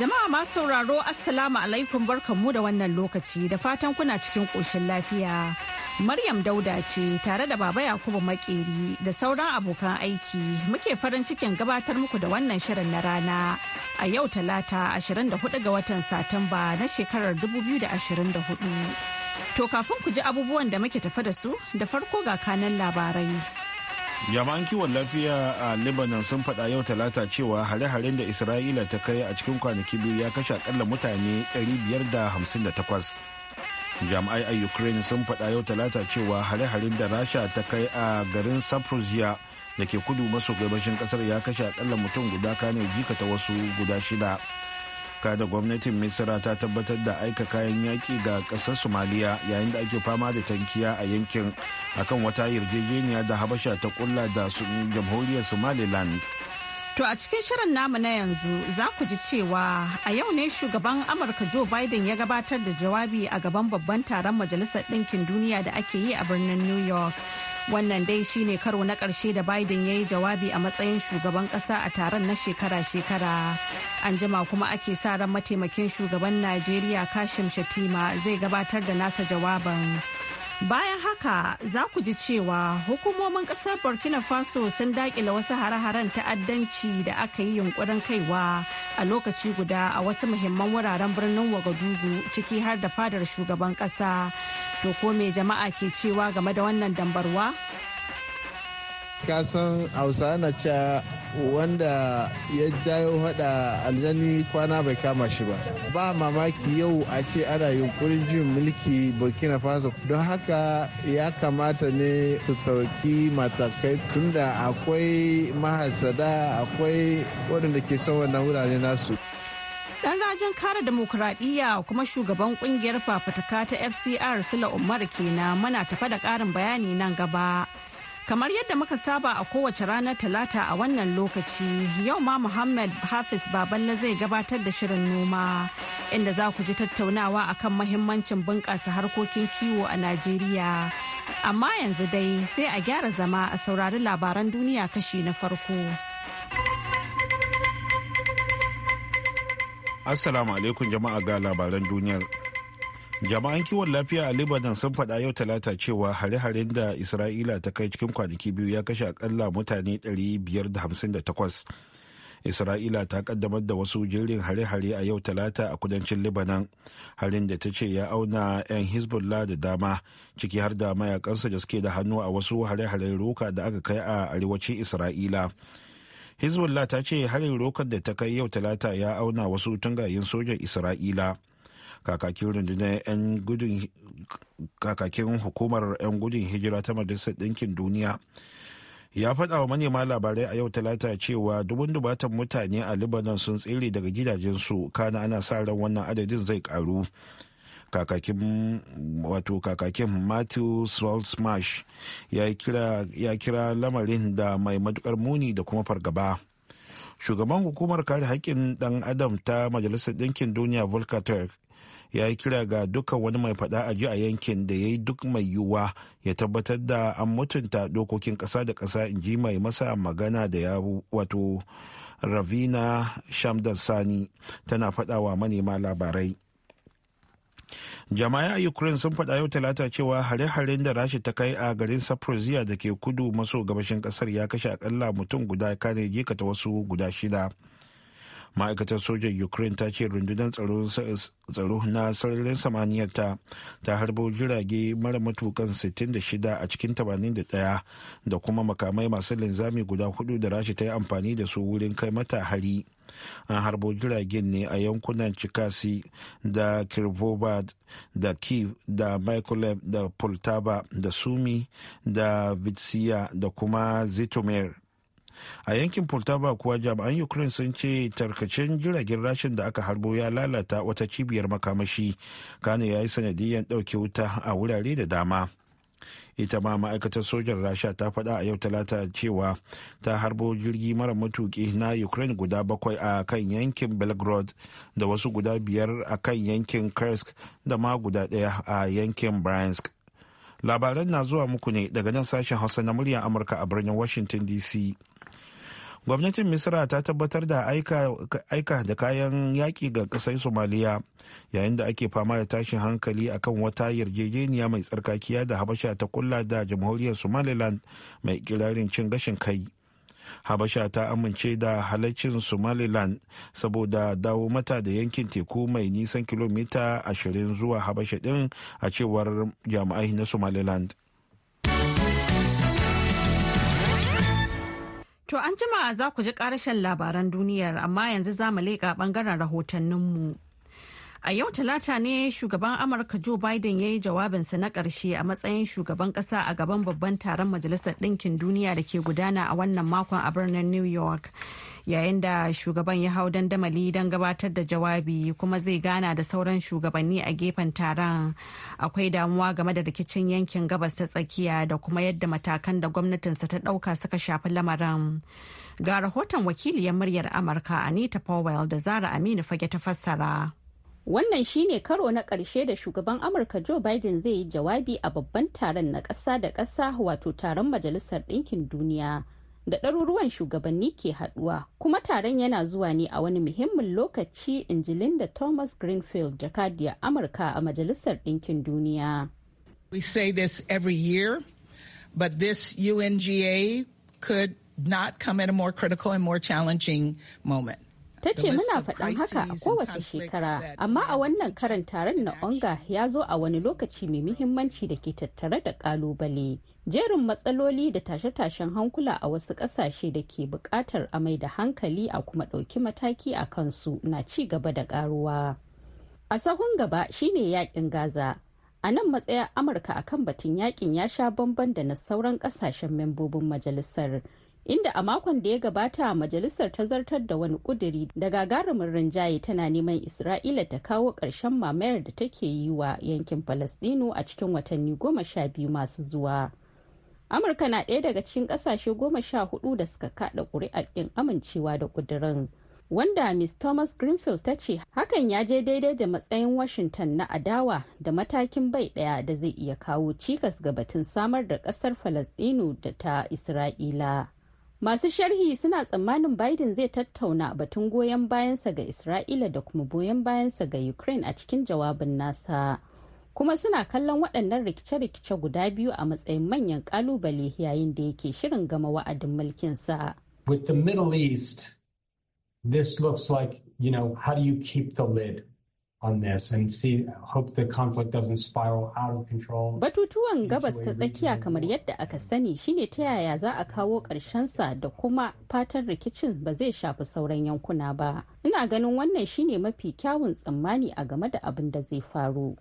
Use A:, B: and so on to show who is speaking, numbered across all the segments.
A: Jama'a masu sauraro Assalamu alaikum barkanmu da wannan lokaci da fatan kuna cikin ƙoshin lafiya. Maryam Dauda ce tare da Baba Yakubu Makeri da sauran abokan aiki muke farin cikin gabatar muku da wannan shirin na rana a yau talata 24 ga watan Satumba na shekarar 2024. To kafin ku ji abubuwan da muke tafa da su da farko ga kanan labarai.
B: jama'an kiwon lafiya a lebanon sun faɗa yau talata cewa hare-haren da isra'ila ta kai a cikin kwanaki biyu ya kashe akalla mutane 558 jami'ai a ukraine sun faɗa yau talata cewa hare-haren da rasha ta kai a garin saprosia da ke kudu maso gabashin kasar ya kashe akalla mutum guda kane jikata wasu guda shida da gwamnatin misira ta tabbatar da aika kayan yaƙi ga ƙasar somaliya yayin da ake fama da tankiya a yankin akan wata yarjejeniya da habasha ta kulla da jamhuriyar somaliland
A: To a cikin shirin namu na yanzu za ku ji cewa a yau ne shugaban Amurka Joe Biden ya gabatar da jawabi a gaban babban taron Majalisar Ɗinkin Duniya da ake yi a birnin New York. Wannan dai shine karo na ƙarshe da Biden ya yi jawabi a matsayin shugaban ƙasa a taron na shekara-shekara. An jima kuma ake sa ran mataimakin shugaban Najeriya Kashim Shatima zai gabatar da nasa jawaban. Bayan haka za ku ji cewa hukumomin kasar Burkina Faso sun dakila wasu hare-haren ta'addanci da aka yi yunkurin kaiwa a lokaci guda a wasu muhimman wuraren birnin Wagadugu ciki har da fadar shugaban kasa. To ko me jama'a ke cewa game da wannan dambarwa?
C: kasan hausa na cewa wanda ya jayo hada aljani kwana bai kama shi ba ba mamaki yau a ce ana yunkurin jin mulki burkina faso don haka ya kamata ne su tauki matakai tunda akwai mahasada akwai waɗanda ke son wannan wurare nasu
A: dan rajin kare demokuraɗiyya kuma shugaban kungiyar fafutuka ta fcr sula umar kenan muna tafa da ƙarin bayani nan gaba Kamar yadda muka saba a kowace ranar Talata a wannan lokaci, yau ma Muhammad Hafiz Baballe zai gabatar da shirin noma inda za ku ji tattaunawa akan mahimmancin bunƙasa harkokin kiwo a Najeriya. Amma yanzu dai sai a gyara zama a saurari labaran duniya kashi na farko.
B: Assalamu alaikum jama'a ga labaran duniyar. jama'an kiwon lafiya a libanon sun faɗa yau talata cewa hare-haren da isra'ila ta kai cikin kwanaki biyu ya kashe akalla mutane 558 isra'ila ta kaddamar da wasu jirin hare-hare a yau talata a kudancin libanon harin da ta ce ya auna 'yan hezbollah da dama ciki har da mayakansa da suke da hannu a wasu hare-haren roka da aka kai a arewacin isra'ila hezbollah ta ce harin rokar da ta kai yau talata ya auna wasu tungayen sojan isra'ila kakakin rundunar 'yan gudun kakakin hukumar 'yan gudun hijira ta majalisar ɗinkin duniya ya faɗa wa manema labarai a yau talata cewa dubun dubatan mutane a libanon sun tsere daga gidajensu kana ana sa ran wannan adadin zai karu kakakin wato kakakin matthew smash ya kira lamarin da mai matukar muni da kuma fargaba shugaban hukumar kare haƙƙin ɗan adam ta majalisar ɗinkin duniya volker turk ya yi kira ga duka wani mai faɗa a ji a yankin da ya yi duk mai yiwuwa ya tabbatar da an mutunta dokokin ƙasa da ƙasa in ji mai masa magana da ya wato ravina sani tana faɗawa manema labarai jama'a ukraine sun faɗa yau talata cewa hare-haren da rashi ta kai a garin saprozia da ke kudu maso gabashin ƙasar ya kashe akalla mutum guda kane jikata wasu guda shida ma'aikatar sojan ukraine ta ce rundunar tsaro na sararin samaniyar ta ta harbo jirage mara matukan 66 a cikin 81 da kuma makamai masu linzami guda hudu da rashi ta yi amfani da su wurin kai mata hari an harbo jiragen ne a yankunan chikasi da kirvobad da kiev da mikolev da poltava da sumi da vitsiya da kuma zitomir a yankin poltava kuwa jami'an ukraine sun ce tarkacen jiragen rashin da aka harbo ya lalata wata cibiyar makamashi kano ya yi sanadiyyar ɗauke wuta a wurare da dama ita ma ma'aikatar sojan rasha ta faɗa a yau talata cewa ta harbo jirgi mara matuki na ukraine guda bakwai a kan yankin belgrade da wasu guda biyar a kan yankin kursk da ma guda ɗaya a yankin bryansk labaran na zuwa muku ne daga nan sashen hausa na muryar amurka a birnin washington dc gwamnatin misra ta tabbatar da aika da kayan yaƙi ga ƙasar somaliya yayin da ake fama da tashin hankali akan wata yarjejeniya mai tsarkakiya da habasha ta kula da jamhuriyar somaliland mai kirarin cin gashin kai habasha ta amince da halaccin somaliland saboda dawo mata da yankin teku mai nisan kilomita 20 zuwa habasha din a cewar jami'ai na somaliland
A: To an jima za ku ji karashen labaran duniyar amma yanzu za mu leƙa ɓangaren rahotanninmu. A yau talata ne shugaban Amurka Joe Biden ya yi jawabinsa na ƙarshe a matsayin shugaban ƙasa a gaban babban taron Majalisar Ɗinkin Duniya da ke gudana a wannan makon a birnin New York. yayin da shugaban ya hau dandamali don gabatar da jawabi kuma zai gana da sauran shugabanni a gefen taron akwai damuwa game da rikicin yankin gabas ta tsakiya da kuma yadda matakan da gwamnatinsa ta dauka suka shafi lamarin ga rahoton wakiliyar muryar amurka anita powell da zara aminu fage ta fassara Wannan shine karo na karshe da shugaban Amurka Joe
D: Biden zai yi jawabi a babban taron na ƙasa da ƙasa wato taron Majalisar Ɗinkin Duniya da ɗaruruwan shugabanni ke haɗuwa kuma taron yana zuwa ne a wani muhimmin lokaci in ji Linda Thomas Greenfield jakadiyar Amurka a Majalisar Ɗinkin Duniya. We say this every year, but this UNGA could not come at a more critical and more challenging moment. ta ce muna faɗin haka a kowace shekara amma a wannan karan taron na onga ya zo a wani lokaci mai muhimmanci da ke tattare da kalubale jerin matsaloli da tashe-tashen hankula a wasu ƙasashe da ke buƙatar amai da hankali a kuma ɗauki mataki a kansu na ci gaba da ƙaruwa a sahun gaba shine yakin gaza a nan matsayar amurka akan batun yakin ya sha bamban da na sauran ƙasashen membobin majalisar inda a makon da ya gabata majalisar ta zartar da wani kuduri da gagarumin rinjaye tana neman isra'ila ta kawo ƙarshen mamayar da take yi wa yankin falastinu a cikin watanni goma sha biyu masu zuwa amurka na ɗaya daga cikin ƙasashe goma sha hudu da suka kaɗa ƙuri'ar ɗin amincewa da ƙudurin wanda Ms. Thomas Greenfield ta ce hakan ya je daidai da matsayin Washington na adawa da matakin bai ɗaya da zai iya kawo cikas ga batun samar da ƙasar Falasɗinu da ta Isra'ila. Masu sharhi suna tsammanin Biden zai tattauna batun goyon bayansa ga Isra'ila da kuma goyon bayansa ga Ukraine a cikin jawabin nasa. Kuma suna kallon waɗannan rikice-rikice guda biyu a matsayin manyan ƙalubale yayin da yake shirin gama wa'adin mulkinsa.
E: With the Middle East, this looks like, you know, how do you keep the lid
D: Batutuwan gabas ta tsakiya kamar yadda aka sani shine ta yaya za a kawo sa da kuma fatan rikicin ba zai shafi sauran yankuna ba. Ina ganin wannan shine mafi kyawun tsammani a game da abin da zai faru.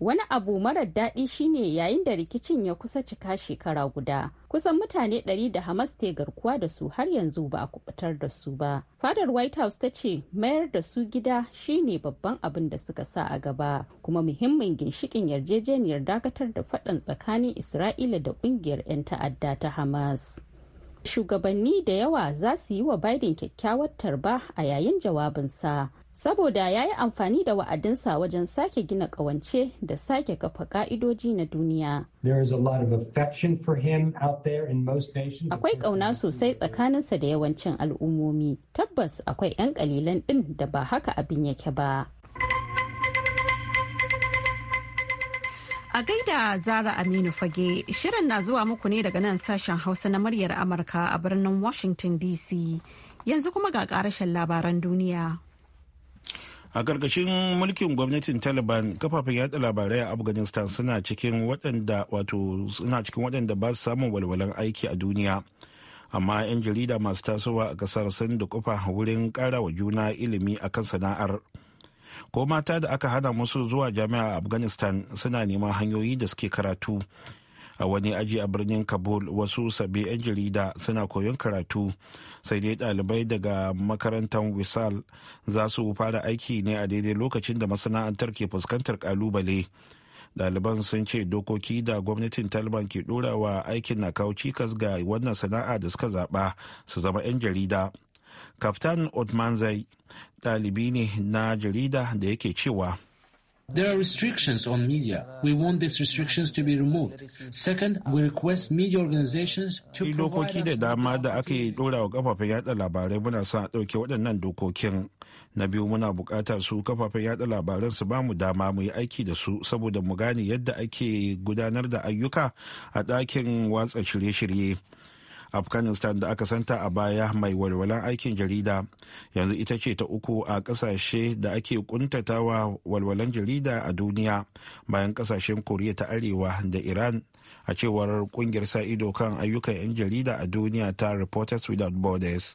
D: wani abu marar daɗi shine yayin da rikicin ya kusa cika shekara guda kusan mutane ɗari da hamas ta garkuwa da su har yanzu ba a kubutar da su ba fadar white house ta ce mayar da su gida shine babban abin da suka sa a gaba kuma muhimmin ginshikin yarjejeniyar dakatar da faɗan tsakanin isra'ila da ƙungiyar 'yan ta'adda ta hamas Shugabanni da yawa za su yi wa Biden kyakkyawar tarba a yayin jawabinsa, saboda ya yi amfani da wa'adinsa wajen sake gina ƙawance da sake kafa ka'idoji na duniya. Akwai ƙauna sosai tsakaninsa da yawancin al'ummomi, tabbas akwai 'yan ƙalilan ɗin da
A: ba haka abin yake ba. A gaida Zara Aminu Fage, shirin na zuwa muku ne daga nan sashen Hausa na muryar Amurka a birnin Washington DC. Yanzu kuma ga karashen labaran duniya.
B: A ƙarƙashin mulkin gwamnatin Taliban, kafafen yada labarai a Afghanistan suna cikin waɗanda wato suna cikin waɗanda ba su samun walwalan aiki a duniya. Amma 'yan jarida masu tasowa a ƙasar sun da kufa wurin ƙara wa juna ilimi akan sana'ar. sana'ar. ko mata da aka hana musu zuwa jami'a a afghanistan suna neman hanyoyi da suke karatu a wani aji a birnin kabul wasu sabbin 'yan jarida suna koyon karatu sai dai dalibai daga makarantar wisal za su fara aiki ne a daidai lokacin da masana'antar ke fuskantar kalubale ɗaliban sun ce dokoki da gwamnatin taliban ke wa aikin na kawo cikas ga wannan sana'a da suka zaɓa su zama 'yan jarida kaftan zai ɗalibi ne na jarida da yake cewa
F: There are restrictions on media. We want these restrictions to be removed. Second, we request media organizations to provide dokoki
B: da dama da aka yi dora wa kafafen yada labarai muna sa dauke waɗannan dokokin. Na biyu muna buƙatar su kafafen yada labaran su bamu dama mu yi aiki da su saboda mu gane yadda ake gudanar da ayyuka a ɗakin watsa shirye-shirye. afghanistan da aka santa a baya mai walwalan aikin jarida yanzu ita ce ta uku a kasashe da ake kuntatawa walwalan jarida a duniya bayan kasashen koriya ta arewa da iran a cewar kungiyar sa ido kan ayyukan 'yan jarida a duniya ta reporters without borders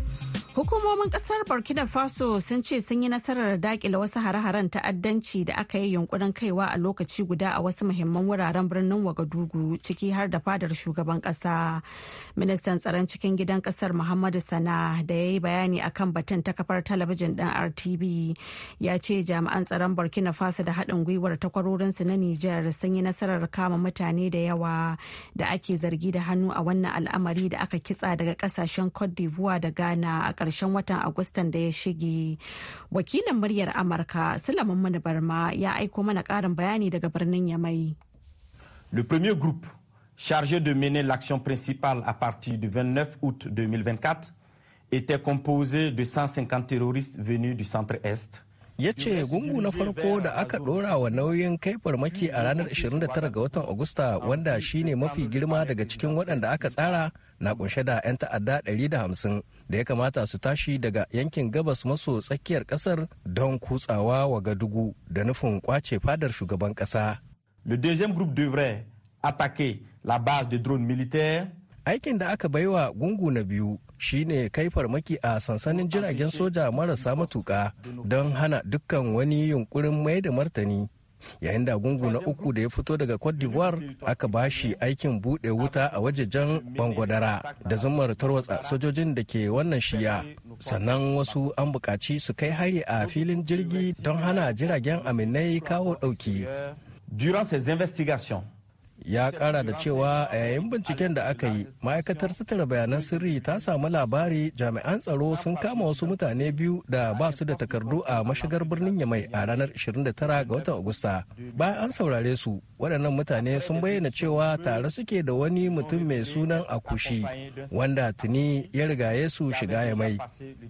A: Hukumomin kasar Burkina Faso sun ce sun yi nasarar dakile wasu hare-haren ta'addanci da aka yi yunkurin kaiwa a lokaci guda a wasu muhimman wuraren birnin Wagadugu ciki har da fadar shugaban kasa. Ministan tsaron cikin gidan kasar Muhammadu Sana da ya yi bayani akan batun ta kafar talabijin ɗin RTB ya ce jami'an tsaron Burkina Faso da haɗin gwiwar takwarorinsu na Nijar sun yi nasarar kama mutane da yawa da ake zargi da hannu a wannan al'amari da aka kitsa daga ƙasashen Cote d'Ivoire da Ghana Le
F: premier groupe chargé de mener l'action principale à partir du 29 août 2024 était composé de 150 terroristes venus du centre-est. ya ce gungu na farko da aka
C: ɗora wa nauyin kai farmaki a ranar 29 ga watan agusta wanda shine mafi girma daga cikin waɗanda aka tsara na kunshe da 'yan ta'adda 150 da ya kamata su tashi daga yankin gabas maso tsakiyar ƙasar don kutsawa wa gadugu da nufin kwace fadar shugaban ƙasa. la aikin da aka baiwa gungu na biyu shine kai farmaki a sansanin jiragen soja marasa matuka don hana dukkan wani yunkurin mai da martani yayin da gungu na uku da ya fito daga cote d'ivoire aka shi aikin bude wuta a wajejen bangodara da zumar tarwatsa sojojin da ke wannan shiya sannan wasu an bukaci su kai hari a filin jirgi don hana jiragen aminai
F: kawo dauki. Durant ces
C: ya kara da cewa a yayin binciken da aka yi ma'aikatar tattara bayanan sirri ta samu labari jami'an tsaro sun kama wasu mutane biyu da ba su da takardu a mashigar birnin yamai a ranar 29 ga watan agusta bayan an saurare su waɗannan mutane sun bayyana cewa tare suke da wani mutum mai sunan akushi wanda tuni ya rigaye su shiga yamai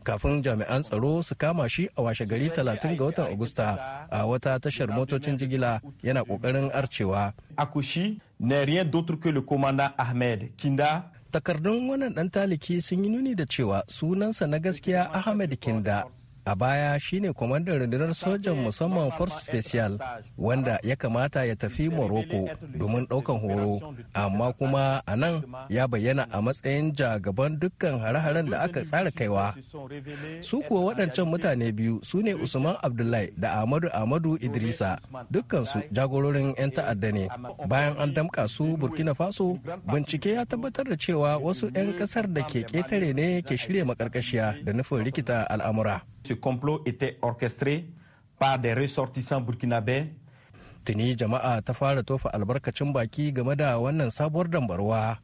C: kafin jami'an tsaro su kama shi a washe gari 30 ga watan agusta a wata tashar motocin jigila yana ƙoƙarin arcewa akushi n'est rien d'autre que le commandant Ahmed Kinda. Takardun wannan ɗan taliki sun yi nuni da cewa sunansa na gaskiya Ahmed Kinda a baya shine kwamandan rundunar sojan musamman force special wanda ya kamata ya tafi morocco domin ɗaukan horo amma kuma a nan ya bayyana a matsayin jagaban dukkan hare-haren da aka tsara kaiwa su kuwa waɗancan mutane biyu su ne usman abdullahi da ahmadu ahmadu idrisa dukkansu jagororin 'yan ta'adda ne bayan an damƙa su burkina faso bincike ya tabbatar da cewa wasu 'yan ƙasar da ke ƙetare ne ke shirya makarkashiya da nufin rikita al'amura
F: Ce complot était orchestré par des ressortissants burkinabés.
C: Tuni jama'a ta fara tofa albarkacin baki game da wannan sabuwar dambarwa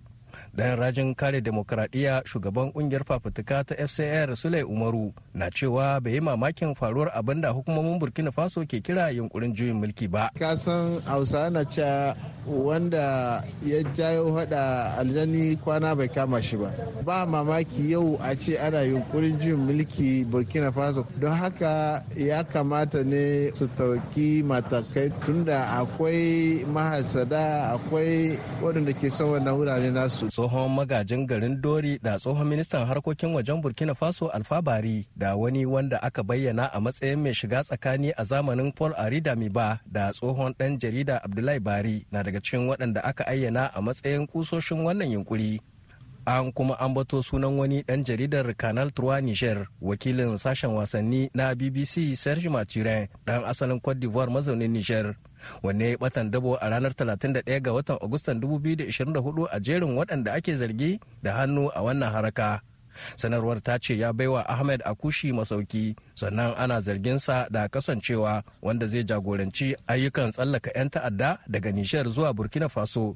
C: dan rajin kare demokuraɗiyya shugaban ƙungiyar fafutuka ta fcr sule umaru na cewa bai yi mamakin faruwar abinda hukumomin burkina faso ke kira yunkurin juyin mulki ba kasan hausa na cewa wanda ya jayo hada aljani kwana bai kama shi ba ba mamaki yau a ce ana yunkurin juyin mulki burkina faso don haka ya kamata ne su tauki matakai tunda akwai mahasada akwai waɗanda ke son wannan wurare nasu tsohon magajin garin dori da tsohon ministan harkokin wajen burkina faso alfabari da wani wanda aka bayyana a matsayin mai shiga tsakani a zamanin paul aridami ba da tsohon ɗan jarida abdullahi bari na daga cikin waɗanda aka ayyana a matsayin kusoshin wannan yunkuri an kuma ambato sunan wani ɗan jaridar canal 3 niger wakilin sashen wasanni na bbc serge maturin ɗan asalin cote d'ivoire mazaunin niger wanne ya batan dabo a ranar 31 ga watan agustan 2024 a jerin waɗanda ake zargi da hannu a wannan haraka sanarwar ta ce ya baiwa ahmed akushi masauki sannan ana zarginsa da kasancewa wanda zai jagoranci ayyukan tsallaka 'yan ta'adda daga nishiyar zuwa burkina faso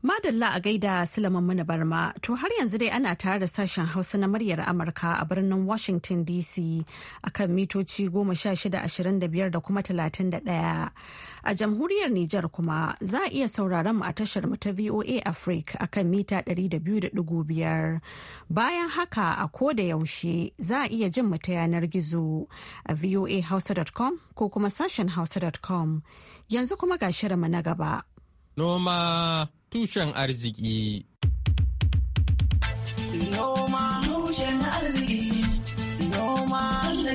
A: Madalla a gaida Sulaiman Muna Barma, to har yanzu dai ana tare da sashen Hausa na muryar Amurka a birnin Washington DC a kan mitoci 1625 da kuma 31. A jamhuriyar Nijar kuma za a iya sauraron mu a tashar mu ta VOA Africa a kan mita 200.5. Bayan haka a ko da yaushe za a iya jin mu ta yanar gizo a voahausa.com ko kuma sashen hausa.com. Yanzu kuma ga shirinmu na gaba.
E: Noma tushen arziki. Noma tushen arziki, noma na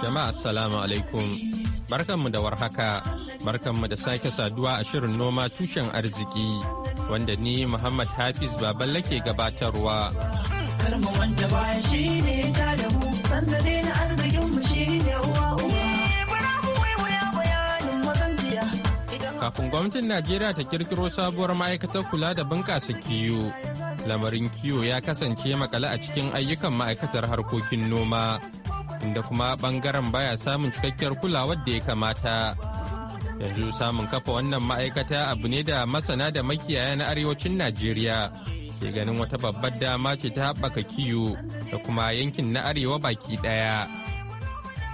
E: Jama'a assalamu alaikum, barkanmu da warhaka, barkanmu da sake saduwa a shirin noma tushen arziki wanda ni Muhammad Hafiz Baballe ke gabatarwa. shi kafin gwamnatin Najeriya ta kirkiro sabuwar ma'aikatar kula da bunƙasa kiwo. Lamarin kiwo ya kasance makale a cikin ayyukan ma'aikatar harkokin noma, inda kuma ɓangaren baya samun cikakkiyar kulawar da ya kamata. Yanzu samun kafa wannan ma'aikata abu ne da masana da makiyaya na arewacin Najeriya ke ganin wata babbar dama ce ta haɓaka kiwo da kuma yankin na arewa baki ɗaya.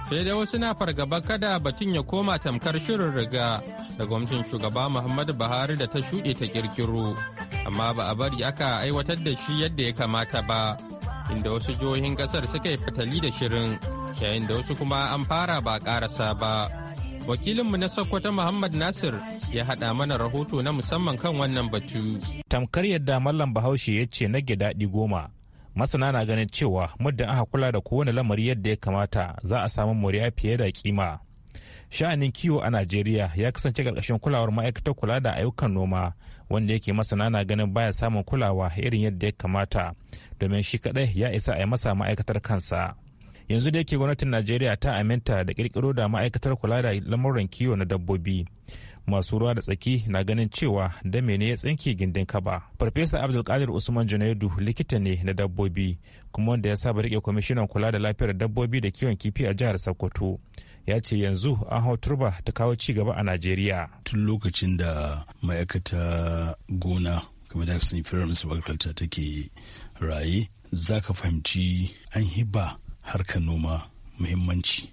E: Sai dai wasu na fargaba kada batun ya koma tamkar shirin riga da gwamnatin shugaba Muhammadu Buhari da ta shuɗe ta kirkiro, amma ba a bari aka aiwatar da shi yadda ya kamata ba, inda wasu jihohin ƙasar suka yi fitali da shirin, yayin da wasu kuma an fara ba ƙarasa ba. Wakilinmu na Sokoto Muhammad Nasir ya haɗa mana rahoto na musamman kan wannan batu.
F: Tamkar yadda Mallam Bahaushe ya ce na daɗi goma. Masana na ganin cewa muddin aka kula da kowane lamari yadda ya kamata za a samu moriya fiye da kima. sha'anin kiwo a najeriya ya kasance karkashin kulawar ma'aikatar kula da ayyukan noma wanda yake masana na ganin baya samun kulawa irin yadda ya kamata domin shi kadai ya isa a yi masa ma'aikatar kansa yanzu da yake gwamnatin najeriya ta aminta da kirkiro da ma'aikatar kula da lamuran kiwo na dabbobi masu ruwa da tsaki na ganin cewa da mene ya tsinki gindin kaba farfesa abdulkadir usman junaidu likita ne na dabbobi kuma wanda ya saba rike kwamishinan kula da lafiyar dabbobi da kiwon kifi a jihar sokoto ya ce yanzu an hau turba
G: ta kawo ci gaba a najeriya tun lokacin da ma'aikata gona kamar da sun firar take raye za ka fahimci an hiba harkar noma muhimmanci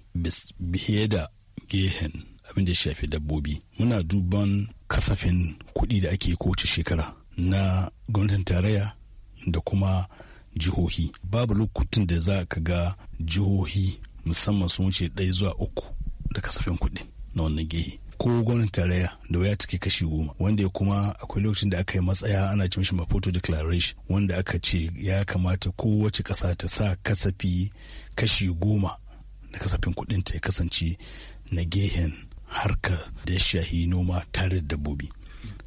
G: biye da gehen abin da shafi dabbobi muna duban kasafin kuɗi da ake kowace shekara na gwamnatin tarayya da kuma jihohi babu lokutan da za ka ga jihohi musamman sun wuce ɗaya zuwa uku da kasafin kuɗi na wannan gehe ko gwamnatin tarayya da waya take kashi goma wanda ya kuma akwai lokacin da aka yi matsaya ana ce mishi maputo declaration wanda aka ce ya kamata kowace ƙasa ta sa kasafi kashi goma na kasafin kuɗin ta ya kasance na gehen harka da shahi noma tare da dabbobi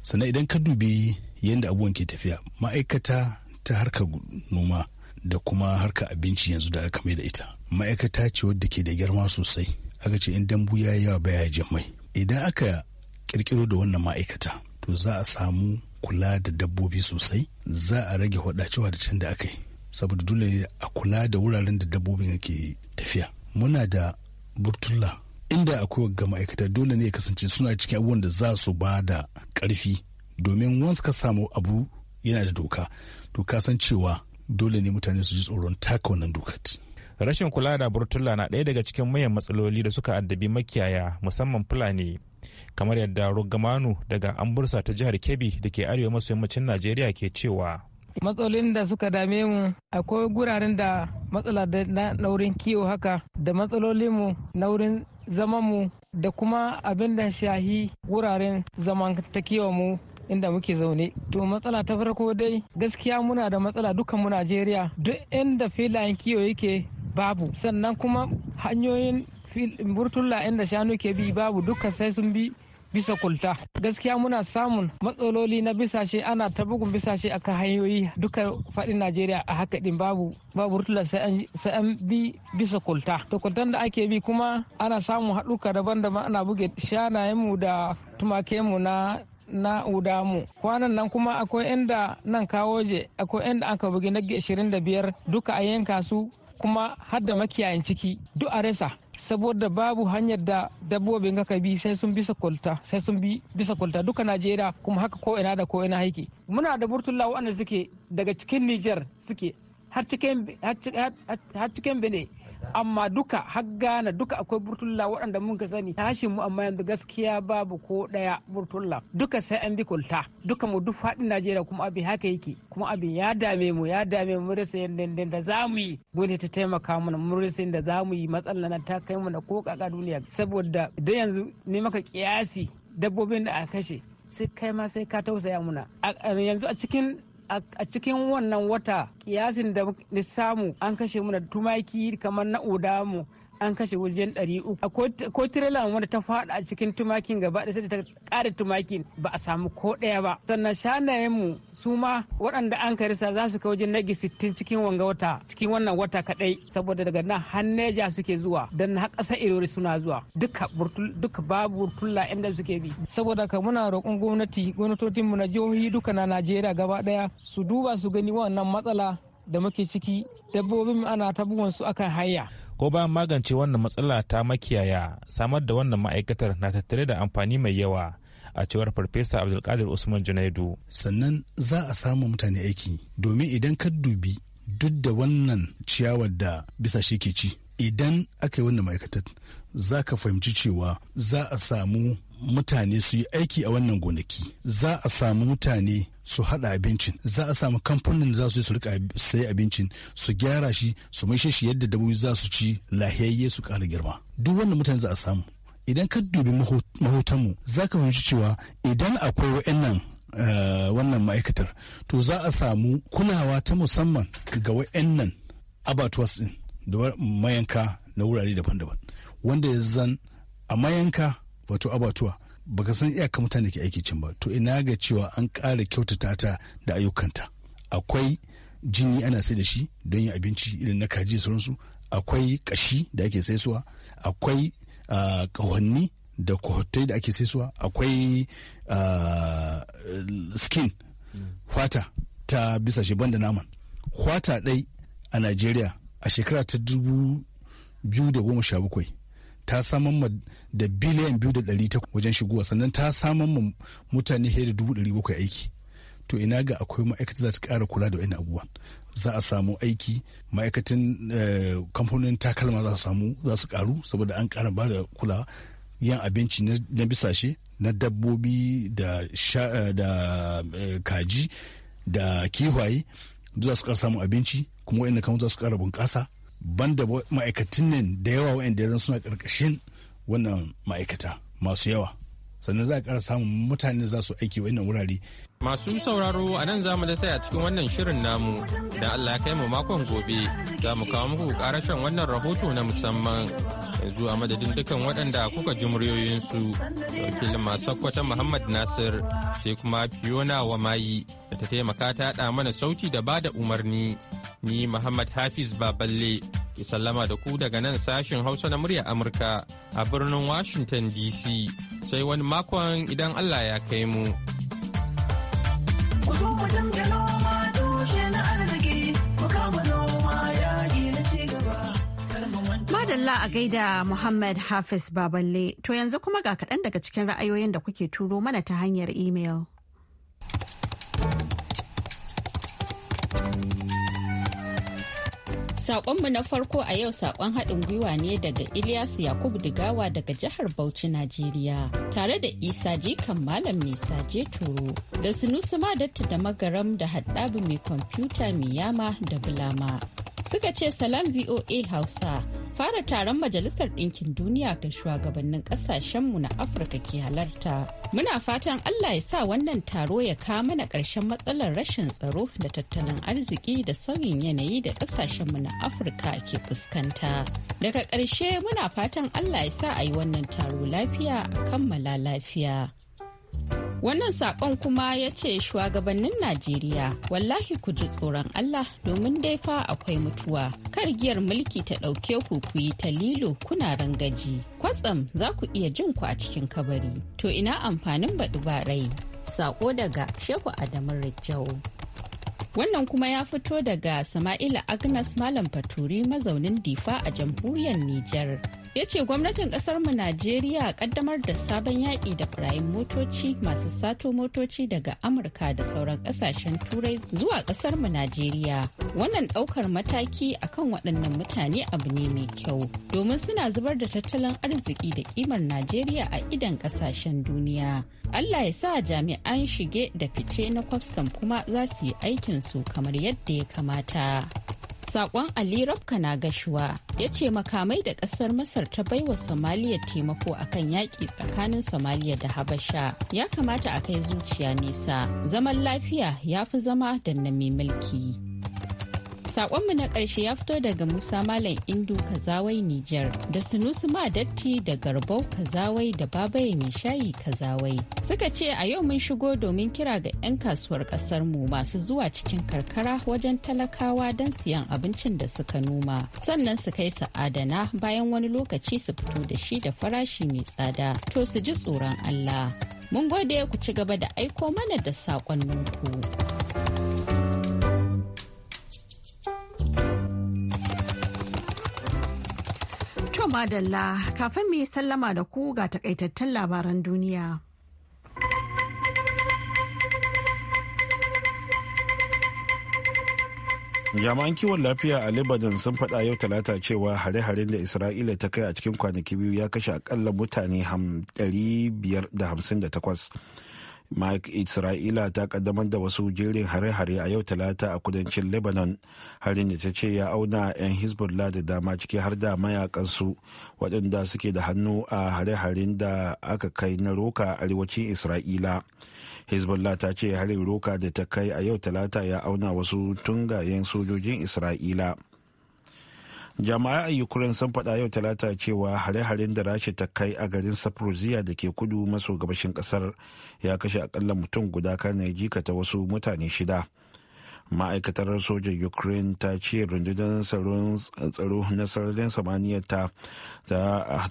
G: sannan idan ka dubi yadda abubuwan ke tafiya ma'aikata ta harkar noma da kuma harka abinci yanzu da aka mai da ita ma'aikata ce wadda ke da girma sosai aka ce in dambu ya yi yawa baya jin mai idan aka kirkiro da wannan ma'aikata to za a samu kula da dabbobi sosai za a rage hudacewa da can da aka yi saboda dole a kula da wuraren da dabbobin ke tafiya muna da burtula inda akwai ga ma'aikata dole ne ya kasance suna cikin abubuwan da za su ba da karfi domin wansu ka samu abu yana da doka to kasancewa. cewa dole ne mutane su ji tsoron taka wannan dukat
F: rashin kula da burtula na ɗaya daga cikin manyan matsaloli da suka addabi makiyaya musamman fulani kamar yadda rugamanu daga ambursa ta jihar kebbi da ke arewa maso yammacin najeriya ke cewa
H: matsalolin da suka dame mu akwai guraren da matsala na naurin kiwo haka da mu naurin zaman mu da kuma abin da shahi wuraren zaman ta kiwo mu inda muke zaune to matsala ta farko dai gaskiya muna da matsala dukkan mu najeriya duk inda filayen kiwo yake babu sannan kuma hanyoyin burtulla inda shanu ke bi babu duka sai sun bi bisa kulta gaskiya muna samun matsaloli na bisashe ana ta bugun bisashe akan hanyoyi duka fadin najeriya a haka din babu babu rutula sai an bi bisa kulta to kultan da ake bi kuma ana samun haɗuka daban-daban ana buge shanayenmu da tumakenmu na na udamu kwanan nan kuma akwai inda nan je akwai inda aka bugi na 25 duka a yanka su kuma har da makiyayin ciki duk a resa saboda babu hanyar da dabbobin ka bi sai sun bisa kwalta sai sun bi bisa kwalta duka najeriya kuma haka ko ina da ko ina haiki muna da burtula waɗanda suke daga cikin niger suke har cikin bene. amma duka har gana duka akwai burtulla waɗanda mun ka sani tashin mu amma yanzu gaskiya babu ko ɗaya burtulla duka sai an bi kulta duka mu duk faɗin najeriya kuma abin haka yake kuma abin ya dame mu ya dame mu rasa yadda da za mu yi gwani ta taimaka mana mu rasa yadda za mu yi matsala na ta kai mu da ko kaka duniya saboda da yanzu ne maka kiyasi dabbobin da aka kashe sai kai ma sai ka tausaya muna yanzu a cikin a cikin wannan wata kiyasin da ni samu an kashe mu tumaki kamar na mu an kashe wajen ɗari uku ko tirela wanda ta faɗa a cikin tumakin gaba da sai ta ƙara tumakin ba a samu ko ɗaya ba sannan shanayen mu su ma waɗanda an karisa za su kai wajen nagi sittin cikin wanga wata cikin wannan wata kaɗai saboda daga nan hanneja suke zuwa don har ƙasa irori suna zuwa duka duka babu burtulla inda suke bi saboda ka muna roƙon gwamnati gwamnatocin mu na jihohi duka na Najeriya gaba ɗaya su duba su gani wannan matsala da muke ciki dabbobin ana tabuwan su akan hanya
F: ko bayan magance wannan matsala ta makiyaya samar da wannan ma'aikatar na tattare da amfani mai yawa a cewar farfesa abdulkadir usman junaidu
G: sannan za a samu mutane aiki domin idan ka dubi duk da wannan ciyawar da bisa shi ke ci idan aka yi wannan ma'aikatar za ka fahimci cewa za a samu mutane su yi aiki a wannan gonaki za a samu mutane su hada abincin za a samu kamfanin za su yi su rika sai abincin su gyara shi su mai shi yadda dabbobi za su ci lahiyayye su kara girma duk wannan mutane za a samu idan ka dubi mahotanmu za ka fahimci cewa idan akwai wa'annan eh, wannan ma'aikatar to za a samu kulawa ta musamman ga wa'annan abatuwas din da mayanka na wurare daban-daban wanda ya zan a mayanka wato abatuwa ba ka san iyakar mutane ke aiki cin ba to ina ga cewa an ƙara kyautata ta da ayyukanta akwai jini ana sai da shi don yin abinci irin na kaji da sauransu akwai kashi da ake saisuwa akwai kawanni ah, da kohottai da ake saisuwa akwai ah, skin fata ta bisa shi da naman kwata ɗaya a najeriya a shekara ta dubu biyu da goma sha bakwai ta samar ma da biliyan biyu da ɗari ta wajen shigowa sannan ta samar ma mutane fiye da dubu ɗari bakwai aiki to ina ga akwai ma'aikata za ta ƙara kula da wani abubuwa za a samu aiki ma'aikatan eh, kamfanonin takalma za su samu za su ƙaru saboda an ƙara ba da kula yin abinci na bisashe na dabbobi da eh, eh, kaji da kiwaye za su ƙara samun abinci kuma wa'in kamfanonin za su ƙara bunƙasa banda ma'aikatan nan da yawa wa'anda zan suna ƙarƙashin wannan ma'aikata masu yawa sannan za a ƙara samun mutane za su aiki wannan wurare.
E: Masu sauraro a nan zamu da sai a cikin wannan shirin namu da Allah ya mu makon gobe za mu kawo muku karashen wannan rahoto na musamman yanzu a madadin dukan waɗanda kuka ji muryoyinsu wakil masu Muhammad Nasir sai kuma Fiona mayi da ta taimaka ta mana sauti da bada umarni ni Muhammad Hafiz Baballe Ki sallama da ku daga nan sashen Hausa na murya Amurka a birnin Washington DC sai wani makon idan Allah ya kai mu.
A: Madalla a gaida Muhammad Hafiz Baballe, to yanzu kuma ga kaɗan daga cikin ra'ayoyin da kuke turo mana ta hanyar imel. Sakonmu na farko
D: a yau sakon haɗin gwiwa ne daga Ilyas Yakubu Digawa daga jihar Bauchi, Najeriya, tare da Isa Jikan Malam mai saje turo, da Sunusu Madatta da Magaram da Haddabu mai kwamfuta mai yama da Bulama. Suka ce salam VOA Hausa. fara taron Majalisar Ɗinkin Duniya ga shugabannin ƙasashenmu na Afirka ke halarta. Muna fatan Allah ya sa wannan taro ya kawo mana ƙarshen matsalar rashin tsaro da tattalin arziki da sauyin yanayi da ƙasashenmu na Afirka ke fuskanta. Daga ƙarshe muna fatan Allah ya sa a yi wannan taro lafiya a kammala lafiya. Wannan saƙon kuma ya ce shugabannin Najeriya wallahi ku ji tsoron Allah domin dai fa akwai mutuwa. Kargiyar mulki ta ɗauke ku ku yi ta lilo kuna rangaji. Kwatsam za ku iya jin ku a cikin kabari. To ina amfanin baɗi ba rai. Saƙo daga Shehu Adamu Rijau. Wannan kuma ya fito daga Sama'ila Agnes Malam Faturi mazaunin Difa a jamhuriyar Nijar. ya ce gwamnatin mu najeriya kaddamar da sabon yaƙi da barayin motoci masu sato motoci daga amurka da sauran kasashen turai zuwa mu najeriya wannan ɗaukar mataki akan waɗannan mutane abu ne mai kyau domin suna zubar da tattalin arziki da ƙimar najeriya a idan kasashen duniya allah ya sa jami'an shige da fice na kwastam kuma za su yi aikinsu kamar yadda ya kamata. Sakon Ali Rabka na gashuwa ya ce makamai da kasar Masar ta baiwa Somaliya taimako akan yaƙi tsakanin Somaliya da Habasha ya kamata a kai zuciya nisa Zaman lafiya ya fi zama da mai mulki. Sakonmu na ƙarshe ya fito daga Musa Malam Indu Kazawai Nijar da Sunusu Madatti da Garbau Kazawai da Babaye Mai Shayi Kazawai. Suka ce a yau mun shigo domin kira ga 'yan kasuwar ƙasar masu zuwa cikin karkara wajen talakawa don siyan abincin da suka noma. Sannan su kai su adana bayan wani lokaci su fito da shi da farashi mai tsada. To su ji tsoron Allah. Mun gode ku ci gaba da aiko mana da saƙonninku.
A: To madalla kafin mu yi sallama da ku ga takaitattun labaran duniya.
B: jami'an kiwon lafiya a lebanon sun faɗa yau talata cewa hare-haren da isra'ila ta kai a cikin kwanaki biyu ya kashe akalla mutane 558 mike isra'ila ta kaddamar da wasu jerin hare-hare a yau talata a kudancin lebanon harin da ta ce ya auna 'yan hezbollah da dama ciki har da mayakansu waɗanda suke da hannu a hare-haren da aka kai na roka arewacin isra'ila hezbollah ta ce harin roka da ta kai a yau talata ya auna wasu tungayen sojojin isra'ila jama'a a ukraine sun faɗa yau talata cewa hare-haren da rasha ta kai a garin saproziya da ke kudu maso gabashin ƙasar ya kashe akalla mutum guda kana ya jikata wasu mutane shida ma'aikatar sojan ukraine ta ce rundunar tsaro na sararin samaniya ta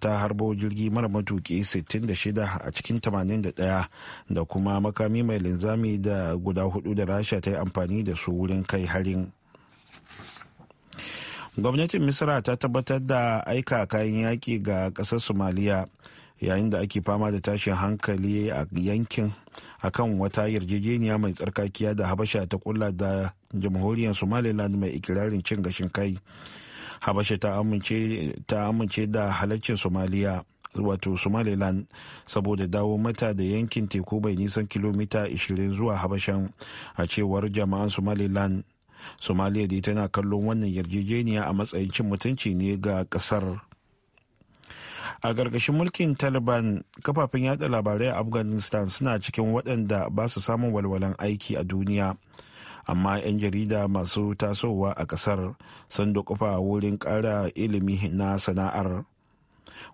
B: ta harbo jirgi mara matuki 66 a cikin 81 da kuma makami mai linzami da guda hudu da rasha ta yi amfani da su wurin kai harin gwamnatin misira ta tabbatar da aika kayan yaƙi ga ƙasar somaliya yayin da ake fama da tashin hankali a yankin akan wata yarjejeniya mai tsarkakiya da habasha ta kula da jamhuriyar somaliland mai ikirarin cin gashin kai habasha ta amince da halaccin somaliya wato somaliland saboda dawo mata da yankin teku bai nisan kilomita 20 zuwa habashan a cewar jama'an somaliland somaliya dai tana kallon wannan yarjejeniya a matsayin cin mutunci ne ga kasar a gargashin mulkin taliban kafafen yada labarai a afghanistan suna cikin waɗanda ba su samun walwalan aiki a duniya amma 'yan jarida masu tasowa a ƙasar sun kufa wurin ƙara ilimi na sana'ar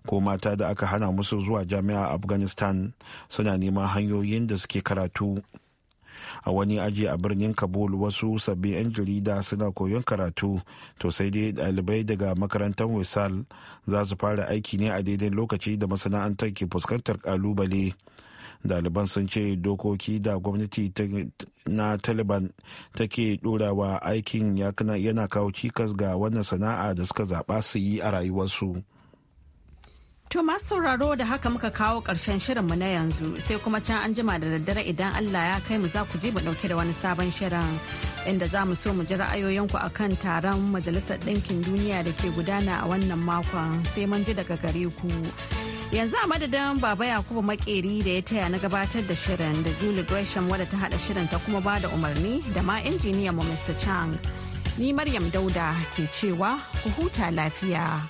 B: ko mata da aka hana musu zuwa jami'a afghanistan suna neman hanyoyin da suke karatu a wani aji a birnin kabul wasu sabbin 'yan jarida suna koyon karatu to sai dai dalibai daga makarantar wisal za su fara aiki ne a daidai lokaci da masana'antar ke fuskantar kalubale daliban sun ce dokoki da gwamnati na taliban take ɗorawa aikin yana kawo cikas ga wannan sana'a da suka zaɓa su yi a rayuwarsu.
A: To masu sauraro da haka muka kawo ƙarshen shirinmu na yanzu sai kuma can an jima da daddare idan Allah ya kai mu za ku je mu ɗauke da wani sabon shirin inda za mu so mu ji ra'ayoyinku a kan taron Majalisar Ɗinkin Duniya da ke gudana a wannan makon sai mun ji daga gare ku. Yanzu a madadin Baba Yakubu Makeri da ya taya na gabatar da shirin da Julie Gresham wadda ta haɗa shirin ta kuma ba da umarni da ma injiniyan mu Mr. Chang. Ni Maryam Dauda ke cewa ku huta lafiya.